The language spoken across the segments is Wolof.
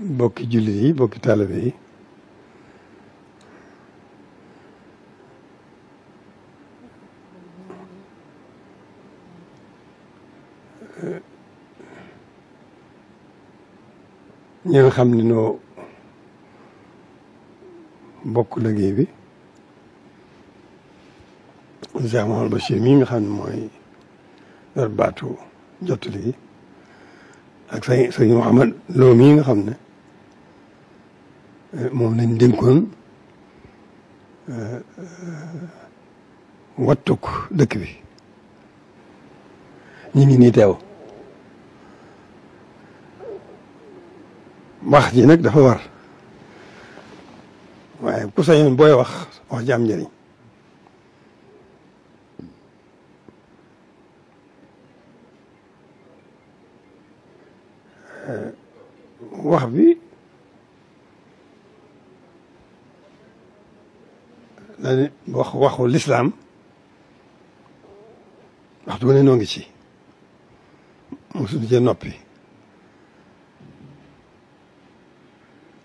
bokki jullit yi bokki taalibe yi ñi nga xam ne noo bokk liggéey bi Cheikh Mouhamadou mii nga xam ne mooy yor baatu jottali ak sëñ sëñ Mouhamad Lo mii nga xam ne moom lañ dénkoon euh, euh, wattuk dëkk bi ñu ngi nii wax ji nag dafa war waaye ku sañoon booy wax wax ji am euh, wax bi wax wax waxu lislaam waxtu bu ne noo ngi ci mosuñu cee noppi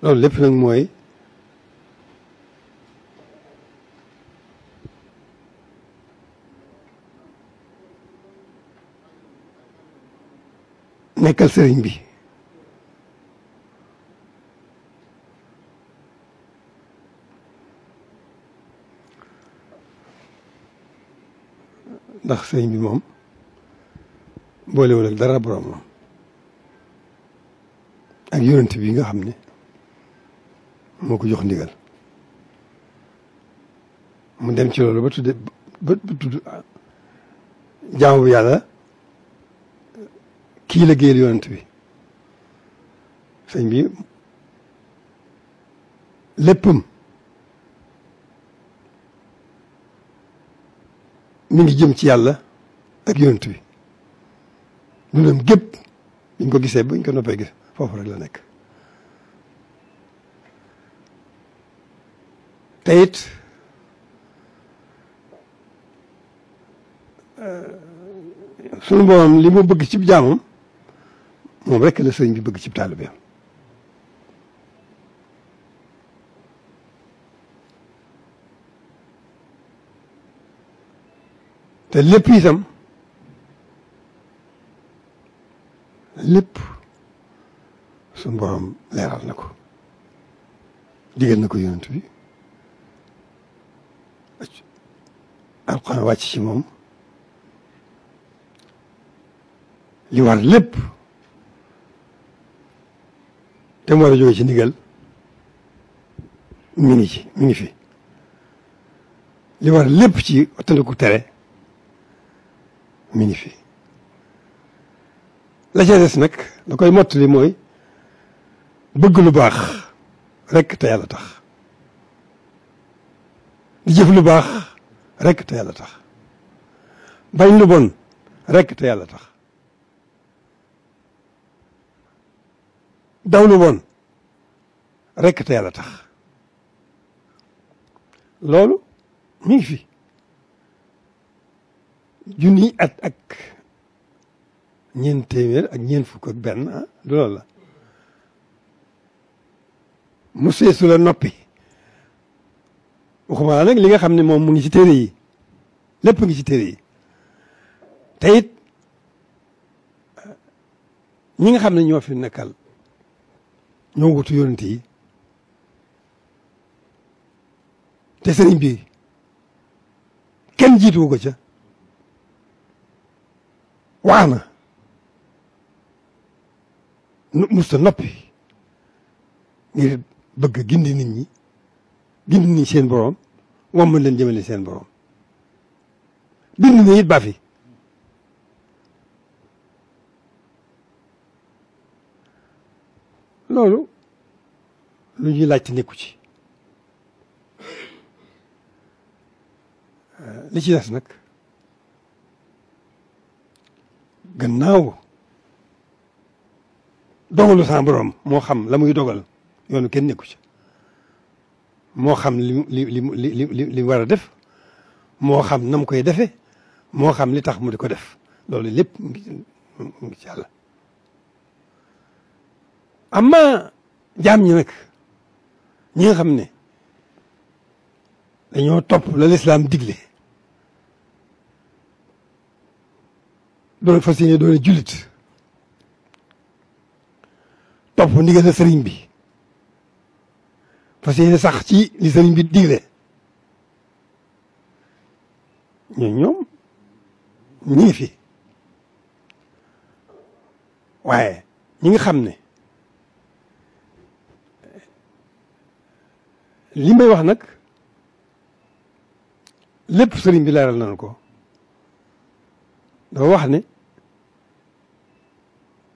loolu lépp nag mooy nekkal sëriñ bi ndax sëriñ bi moom boolewul ak dara boroomam ak yonent bi nga xam ni moo ko jox ndigal mu dem ci loolu ba tudde ba tudd jaamu bu yàlla kii la bi sëñ bi léppam mi ngi jëm ci yàlla ak yonent bi dundam gépp biñ ko gisee buñ ko noppee gis foofu rek la nekk te it eh, sunu boroom li mu bëgg ci jaamam moom rek la sëriñ bi bëgg ci taalibeem te lépp itam lépp suñu borom leeral na ko digal na ko yonent bi alxuraan wàcc ci moom li war lépp te mu war a ci ndigal mi ngi ci mi ngi fi li war lépp ci tandiku tere mi ngi fi la ca si nag la koy mottali mooy bëgg lu baax rek te yàlla tax di jëf lu baax rek te yàlla tax bañ lu bon rek te yàlla tax daw lu bon rek te yàlla tax loolu mi ngi fi junniy at ak ñeent téeméer ak ñeent fukk benn ah, du loolu la mu seesu la noppi waxuma la nag li nga xam ne moom mu ngi ci téere yi lépp ngi ci téere yi te ñi nga xam ne ñoo fi nekkal ñoo wutu yonent yi te sëriñ bi kenn jiitu ko ca wax na musta noppi ngir bëgg gindi nit ñi gindi nit seen borom wamma leen jëmale seen borom bind na it ba loolu lu ñuy laajte nekku ci li ci des nag gannaaw dogalu sa borom moo xam la muy dogal yoonu kenn nekku ci moo xam li li li li li war a def moo xam na mu koy defe moo xam li tax mu di ko def loolu lépp mu ngi ci yàlla amma jaam ñi nag ñi nga xam ne dañoo topp la lislaam digle doon fas yéene doon jullit topp ndigal sëriñ bi fas yéene sax ci li sëriñ bi digle ñun ñoom ngi fi waaye ñi nga xam ne li may wax nag lépp sëriñ bi leeral nañu ko dafa wax ne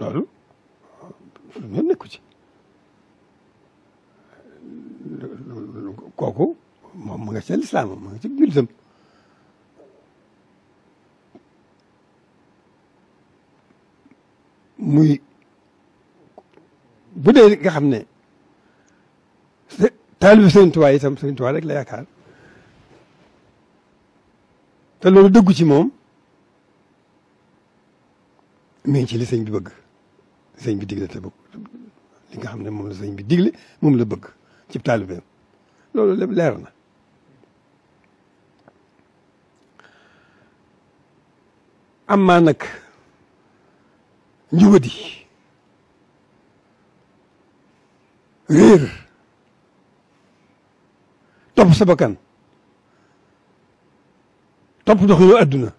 loolu lu ngeen nekku ci kooku moom mu nga ci lislaam mu nga ci jullitam muy bu dee nga xam ne taalibu Sëriñ Tuubaa itam Sëriñ Tuubaa rek la yaakaar te loolu dëggu ci moom mi ngi ci li sëñ bi bëgg sëñ bi digle te bëgg li nga xam ne moom la sëñ bi digle moom la bëgg ci taalibeem loolu lépp leer na amaa nag njubadi réer topp sa bakkan topp doxinu àdduna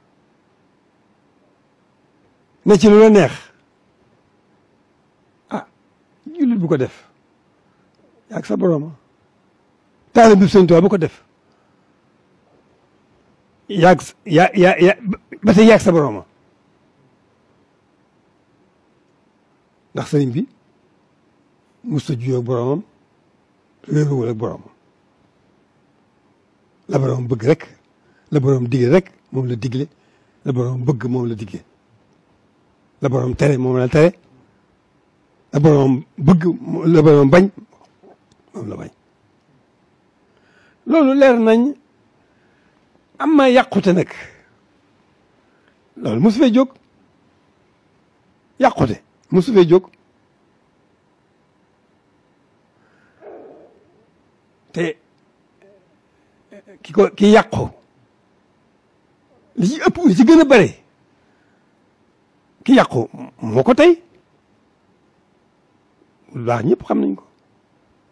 ne ci lu la neex jullit bu ko def yaa sa borooma taalib bi Sëñ Tuubaa bu def yaag yaa yaa yaa ba tey sa borooma ndax sëriñ bi musta juyoo ak boroomam réeruwul la boroom bëgg rek la boroom digle rek moom la digle la boroom bëgg moom la digle la boroom tere moom la tere la boroom bëgg la boroom bañ bañ loolu leer nañ amma ma yàqute nag loolu mosu fee jóg yàqute mosu fee jóg te ki ko ki yàqu li ci ëpp li ci gën a bare ki yàqu moo ko tey lu baax ñëpp xam nañ ko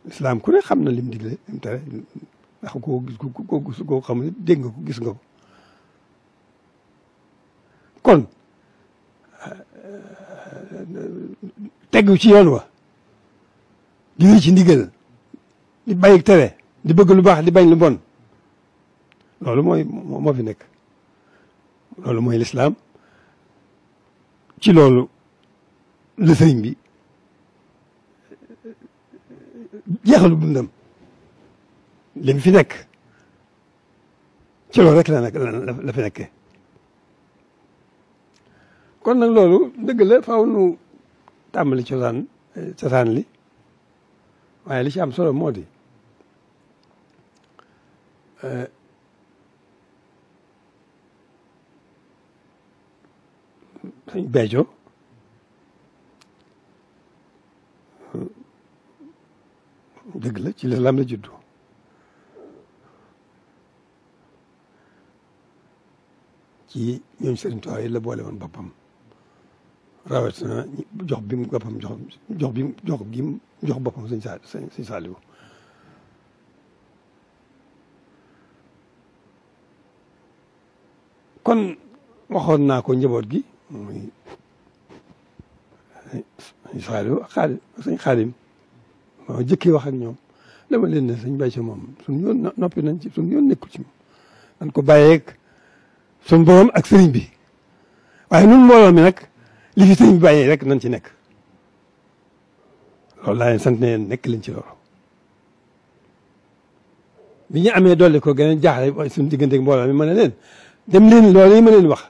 lislaam ku ne xam na lim digle lim tere ndax gis koo gis xam ne dégg nga ko gis nga kon tegu ci yoon wa di wéy ci ndigal di bàyyi tere di bëgg lu baax di bañ lu bon loolu mooy moo fi nekk loolu mooy lislaam ci loolu la bi يغلب الدم لم فينك تلو رك لنا لفينك كون نك لولو دغ لا فاو نو تامل تشان تشان لي واي لي شام سولو مودي ا أه. بيجو dëgg la ci lislaam la juddu ci ñoom Sëriñ Tuubaa yi la boole woon boppam rawatina jox bi mu boppam jox jox bi mu jox gi jox boppam sëñ saa sëñ Saaliwu kon waxoon naa ko njaboot gi muy Saaliwu xaali sëñ Xaadim waaw jëkkee wax ak ñoom dama leen ne sëñ Bàcce moom suñ yoon noppi nañ ci suñ yoon nekku ci moom nan ko bàyyeeg suñ borom ak sëriñ bi waaye nun mbooloo mi nag li fi bi bàyyee rek nañ ci nekk loolu laa leen sant ne nekk leen ci loolu bi ñu amee dolli ko gën a jaaxle suñ digganteeg mbooloo mi ma ne leen dem leen loolu yi ma leen wax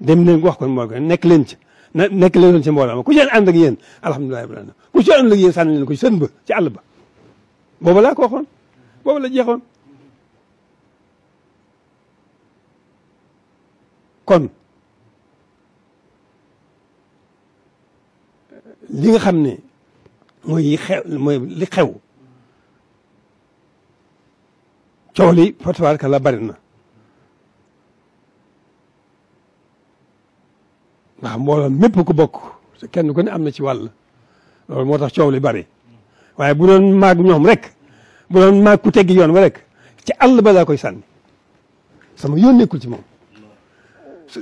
dem leen wax kon moo nekk leen ci na nekk leen ci mbooloo ma ku seen ànd ak yéen alhamdulilah وش لك اللي يسان اللي كويسن به تعلب بابلا كوخن بابلا جيخن كن لين خمني ما يخ ما يخو هو مبكو بكو سكان نكون أمنا شوال loolu moo tax coow li bari waaye bu doon maag ñoom rek bu doon ku teggi yoon wa rek ci àll ba laa koy sànni sama yoon nekkul ci moom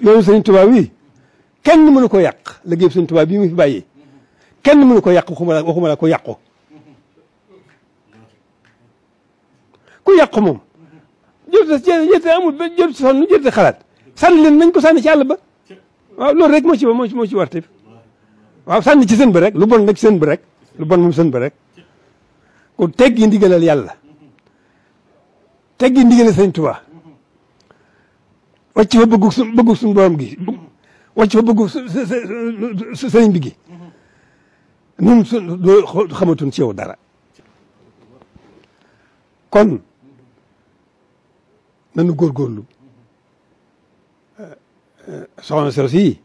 yoonu sëñ tubaab wi kenn mënu ko yàq liggéey sëñ tubaab bii mu fi bàyyi kenn mënu ko yàq waxuma la waxuma la ko yàqu ku yàqu moom jërte jërte amul jërte sonn jërte xalaat sànni leen nañ ko sànni ci àll ba waaw loolu rek moo ci moo ci moo ci war tamit waaw sànni ci seen bi rek lu bon nag seen bi rek lu bon moom seen bi rek ku teggi ndigalal yàlla teggi ndigalal sëñ Tuubaa wàcc fa bëggu su bëggu suñu borom gi wàcc fa bëggu sëriñ bi gi ci yow dara kon nañu góorgóorlu soxna si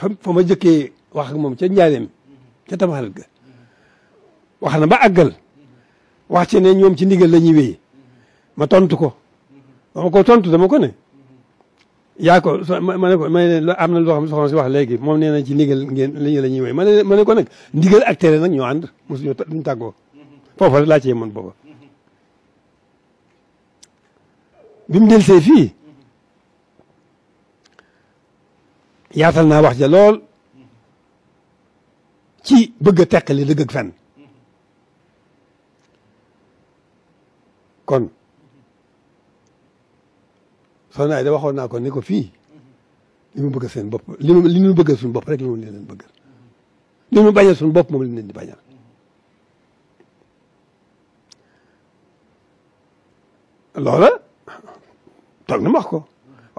fa ma jëkkee wax ak moom ca njaareem ca tamxarit ga wax na ba àggal wax ci ne ñoom ci ndigal la ñuy wéy ma tontu ko ba ma ko tontu dama ko ne yaa ko ma ne ko ma ne am na loo xam ne soxna si wax léegi moom nee na ci ndigal ngeen la ñuy wéy ma ne ma ko nag ndigal ak tere nag ñoo ànd mosuñu duñ tàggoo foofa rek laa ci yemoon booba bi del see fii yaatal naa wax ja lool ci bëgg a teqali dëgg ak fen kon de Ayda waxoon naa ko ni ko fii li mu bëgg seen bopp li mu li ñu bëgg suñu bopp rek moom la leen bëgg li mu bañal suñu bopp moom la leen di bañal loola toog na wax ko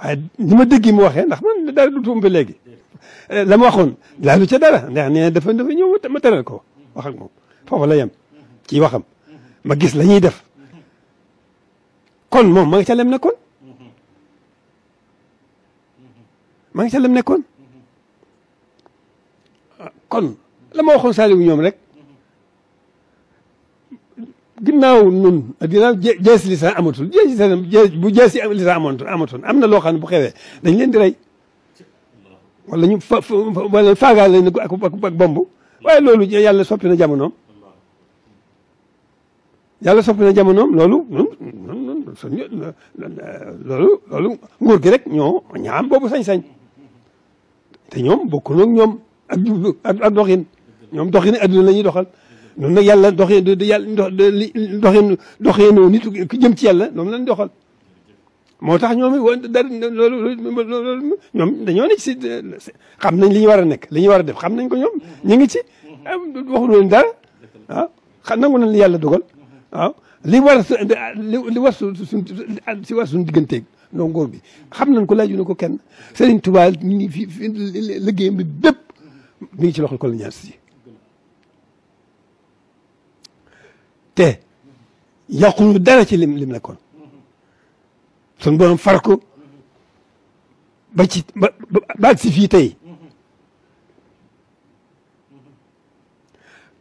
waaye ni ma dégg mu waxee ndax man dara du tuum léegi la ma waxoon lu ca dara ndax nee na dafa dafa ñëw ma teral ko wax ak moom foofu la yem ci waxam ma gis la ñuy def kon moom ma nga ca lem nekkoon ma nga ca lem nekkoon kon la ma waxoon Saliou ñoom rek ginnaaw nun ginnaaw jeesi lisan amatul jeesi lisan bu jeesi lisan amatul amatul am na loo xam ne bu xewee dañ leen di rey wala ñu fa wala faagaal lañ ne ak ak bomb waaye loolu yàlla soppi na jamonoom yàlla soppi na jamonoom loolu nun nun loolu loolu nguur gi rek ñoo ñaam boobu sañ-sañ te ñoom bokku noog ak ak doxin ñoom doxin adduna la ñuy doxal noonu nag yàlla doxee yàlla doxee doxee noo nit ku jëm ci yàlla noonu lañ doxal moo tax ñoom dara loolu loolu ñoom dañoo ne ci xam nañ li war a nekk li war a def xam nañ ko ñoom ñu ngi ci waxuñu leen dara waaw ah, xam nangu nañ li yàlla dogal ah, li war li war su suñ si war suñ digganteeg noo ngóor bi xam nañ ko laajuna ko kenn Serigne Touba ñu ngi fi liggéeyam bi bépp mi ngi ci loxol colonialiste yi te yàquñu dara ci lim lim nekkoon suñ borom far ko ba ci tey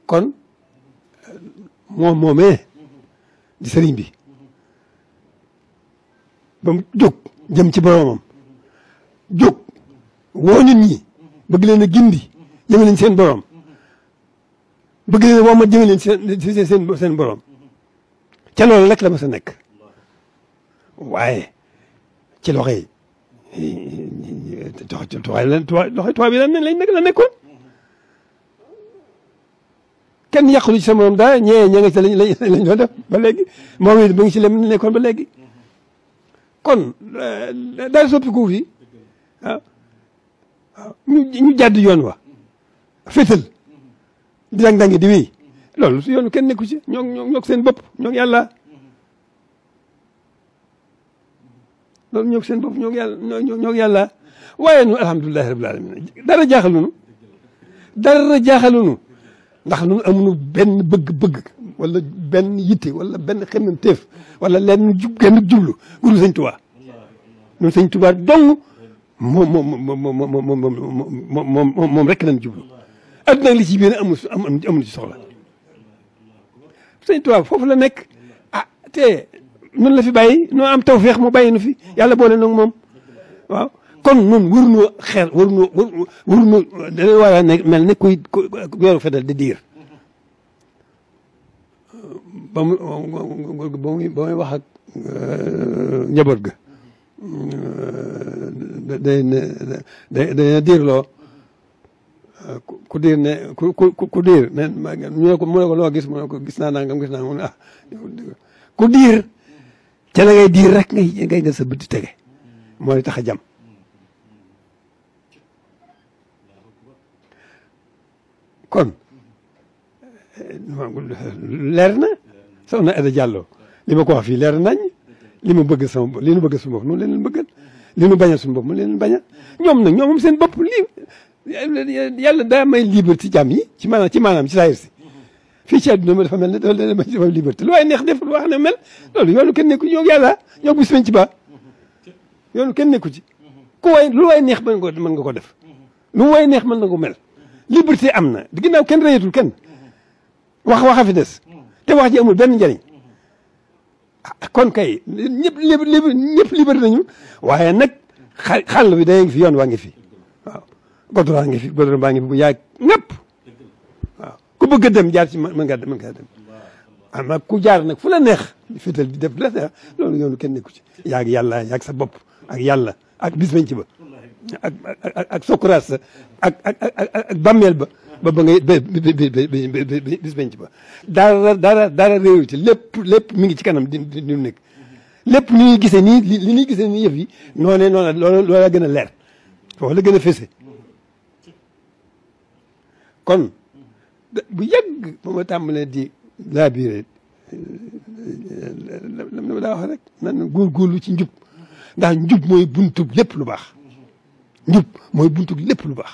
kon moom moomee di sëriñ bi ba mu jëm ci boromam jóg woo ñun ñi bëgg leen gindi jëme leen seen borom bëgg leen woo ma jëme leen ci seen seen borom ca loolu rek la ma sa nekk waaye ci loxo yi tox tuwaay lan loxo tuwaay bi lan lañ nekk la nekkoon kenn yàqulu ci sa morom daal ñee ña nga ci lañ lañ lañ def ba léegi moom it mu ngi ci lem nekkoon ba léegi kon eh, daal soppiku fi waaw ah, ah, waaw ñu jàdd yoon wa féetal di dang dangi di wéy loolu su yoonu kenn nekku ci ñoo ñoo seen bopp ñoo yàlla loolu ñoo seen bopp ñoo yàlla ñoo yàlla waaye ñun alhamdulilahi rabil alamin dara jaaxalunu dara jaaxalunu ndax ñun amuñu benn bëgg-bëgg wala benn yitte wala benn xemmanteef wala lenn jub genn jublu guru sëñ Tuubaa ñun sëñ Tuubaa dong moom moom moom moom moom moom moom moom rek lañ jublu adduna li ci biir amul amul ci soxla sëñ Tuubaa foofu la nekk ah te nun la fi bàyyi noo am tawféex mu bàyyi nu fi yàlla boole nag moom waaw kon nun waruñoo xeer waruñoo waruñoo dana war mel ne kuy yoru fetal di diir ba mu ba muy njaboot ga day day day ku diir ku ku ku diir ne ñu ne mu ne ko loo gis mu ne ko gis naa nangam gis naa ah, ku diir ca la ngay diir rek ngay ngay nga sa tege mooy tax a jam kon leer na soxna Aida Diallo li ma ko wax fii leer nañ li ma bëgg sama li nu bëgg suñu bopp noonu leen bëggal li nu bañal suñu bopp mu leen bañal ñoom nag ñoom seen bopp lii yàlla daa may liberté jàmm yi ci maanaam ci maanaam ci saayir si fii ci àdduna ma dafa mel ne dafa leen may dafa liberté lu waaye neex def lu wax ne mel loolu yoonu kenn nekku ñoo yàlla ñoo bu sëñ ci ba yoonu kenn nekku ci ku waay lu waay neex mën nga mën nga ko def lu waay neex mën na ko mel liberté am na ginnaaw kenn reyatul kenn wax waxa fi des te wax ji amul benn njëriñ kon kay ñëpp ñëpp liberté nañu waaye nag xal xàll bi day ngi fi yoon waa ngi fi goudron ngi fi goudron bu yàgg ñëpp waaw ku bëgg a dem jaar ci mën ngaa dem mën ah, ngaa dem ama ku jaar nag fu la neex fital di def la neex loolu nekku ci yaag yàlla yaag sa bopp ak yàlla ak bis bañ ci ba ak ak ak sokuraas sa ak ak ak bàmmeel ba ba ba ngay bis bañ ci ba dara dara dara réew ci lépp lépp mi ngi ci kanam din di ñu nekk lépp ni ñuy gisee nii li ñuy gisee loola gën a leer foofu la gën a fese kon bu yàgg ba ma tàmbalee di laabiire euh, lam dama daa wax rek nan góorgóorlu ci njub ndax njub mooy buntub lépp lu baax njub mooy buntub lépp lu baax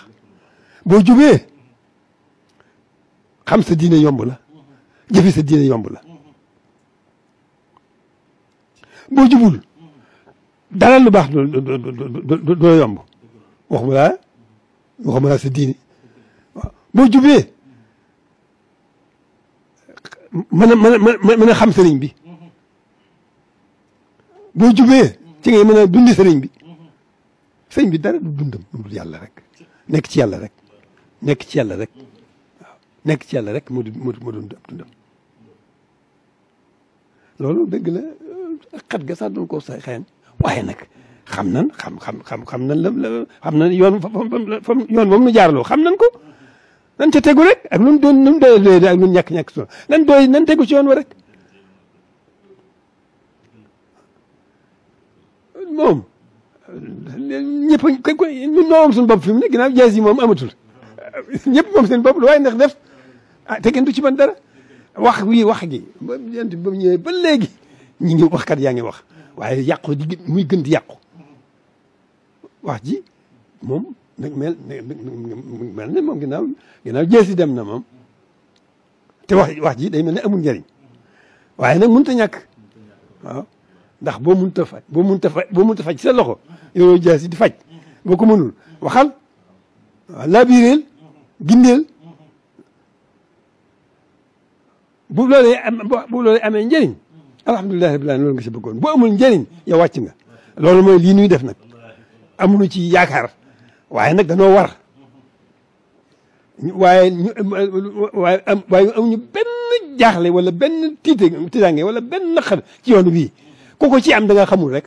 boo jubee xam sa diine yomb la jëfe yomb la boo jubul dara lu baax du du du du yomb waxuma laa waxuma laa boo jubee mën a mën a mën a xam sëriñ bi boo jubee ci ngay mën a dundi sëriñ bi sëriñ bi dara du dundam dul yàlla rek nekk ci yàlla rek nekk ci yàlla rek nek, nekk ci yàlla rek moo di moo doon ab dundam loolu dëgg la xat ga sax doon koo sa xëyan waaye nag xam nan xam xam xam nan la xam nan yoon fa yoon boobu nu jaarloo xam nan ko nan ca tegu rek ak nun doon nun doyal ak nun ñàkk-ñàkk sunu nan doy nan tegu ci yoon wa rek moom ñëpp kañ koy ñun ñoo suñu bopp fi mu ne ginnaaw jaas yi moom amatul ñëpp moom seen bopp lu waaye ndax def ah te du ci man dara wax wii wax gi ba jant ba mu ñëwee ba léegi ñi ngi waxkat yaa ngi wax waaye yàqu di muy gën di yàqu wax ji moom nag mel mel ne moom ginnaaw ginnaaw jeesi dem na moom te wax wax ji day mel ne amul njëriñ waaye nag mënut a ñàkk waaw ndax boo mënut a faj boo mënut a faj boo mënut a faj sa loxo yow jeesi di faj boo ko mënul waxal waaw laabireel gindeel bu loolee am bu loolee amee njëriñ alhamdulilah rabbil aalamiin loolu nga si bëggoon boo amul njëriñ yow wàcc nga loolu mooy lii nuy def nag amuñu ci yaakaar. وحينك دنو ور وي وي بن جاخلي ولا بن تيتانغي ولا بن نخر تي يون وي كوكو تي ام داغا خمول رك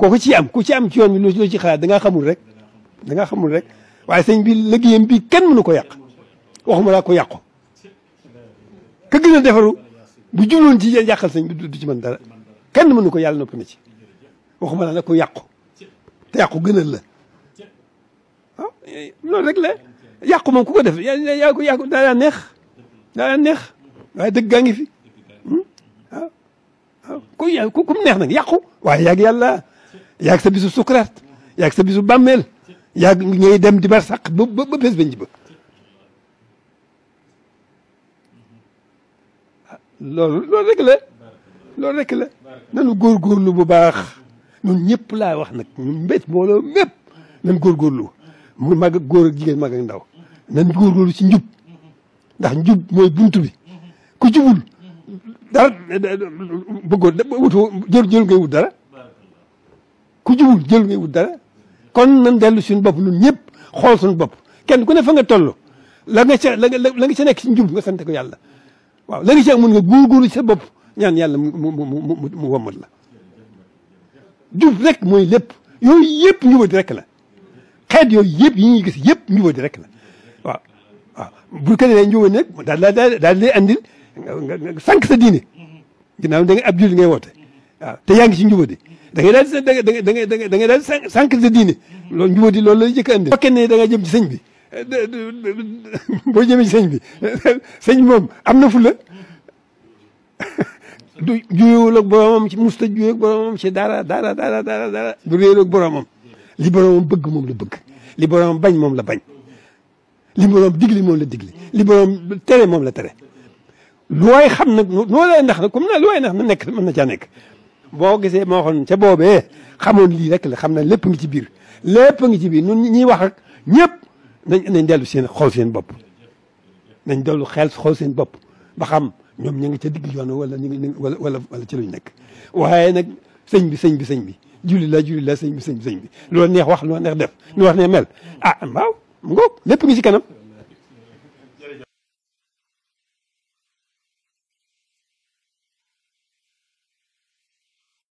كوكو تي ام كوكو تي ام تي يون لو تي خلا داغا خمول رك داغا خمول رك واي سيغ بي لغييم بي كين منوكو ياق واخوما لا كو ياقو كا غينا ديفرو بو جولون تي جاخل سيغ دودو تي من دارا كين منوكو يالنا نوبي نتي واخوما لا نكو ياقو te yàqu gënal la ah loolu rek la yàqu moom ku ko def yaa ko yàqu daa neex daa neex waaye dëgg gaa ngi fi hmm? ah ah ku yà ku mu neex nag yàqu waaye yàgg yàlla yàgg sa bisu sukuraat yàgg sa bisu bàmmeel yàgg ñooy dem di barsàq ba ba ba bés ba nji ah, ba loolu loolu rek la loolu rek la nanu bu baax. ñun ñëpp laay wax nag ñun mbét mbooloo mépp nañ góorgóorlu mu mag ak góor ak jigéen mag ak ndaw nañ góorgóorlu ci njub ndax njub mooy bunt bi ku jubul dara bëggoon wutoo jël jël ngay ku jubul jël ngay wut dara kon nañ dellu suñu bopp ñun ñëpp xool suñu bopp kenn ku ne fa nga toll la nga ca la nga ca nekk ci njub nga sant ko yàlla waaw la nga ca amoon nga góorgóorlu ci bopp ñaan yàlla mu mu mu mu la jub rek mooy lépp yooyu yëpp njubadi rek la xeet yooyu yëpp yi ñuy gis yëpp njubadi rek la waaw waaw bu ko defee njubadi nag daal la daal lay andil nga sànq sa diine ginnaaw da nga ab jullit ngay woote waaw te yaa ngi ci njubadi da ngay daal di da nga da nga da nga daal di sànq sa diine lool njubadi loolu lay jëkk a andil fekkee ne da nga jëm ci sëñ bi boo jëmee ci bi sëñ moom am na fu du juyewul ak boromam ci musta juyee ak boromam ci dara dara dara dara dara du réer li boromam bëgg moom la bëgg li boromam bañ moom la bañ li boromam digli moom la digli li boromam tere moom la tere lu waay xam nag noo lay ndax nag comme na lu ndax na nekk mën na caa nekk boo gisee moo waxoon ca boobee xamoon lii rek la xam na lépp ngi ci biir lépp ngi ci biir ñun ñuy wax ak ñëpp nañ nañ dellu seen xool seen bopp nañ dellu xel xool seen bopp ñoom ñu ngi ca digg yoon wala ñu ngi wala wala wala ci luñ nekk waaye nag sëñ bi sëñ bi sëñ bi julli la julli sëñ bi sëñ sëñ bi loolu neex wax loolu neex def ñu wax ne mel ah mbaaw mu ngoog lépp ngi ci kanam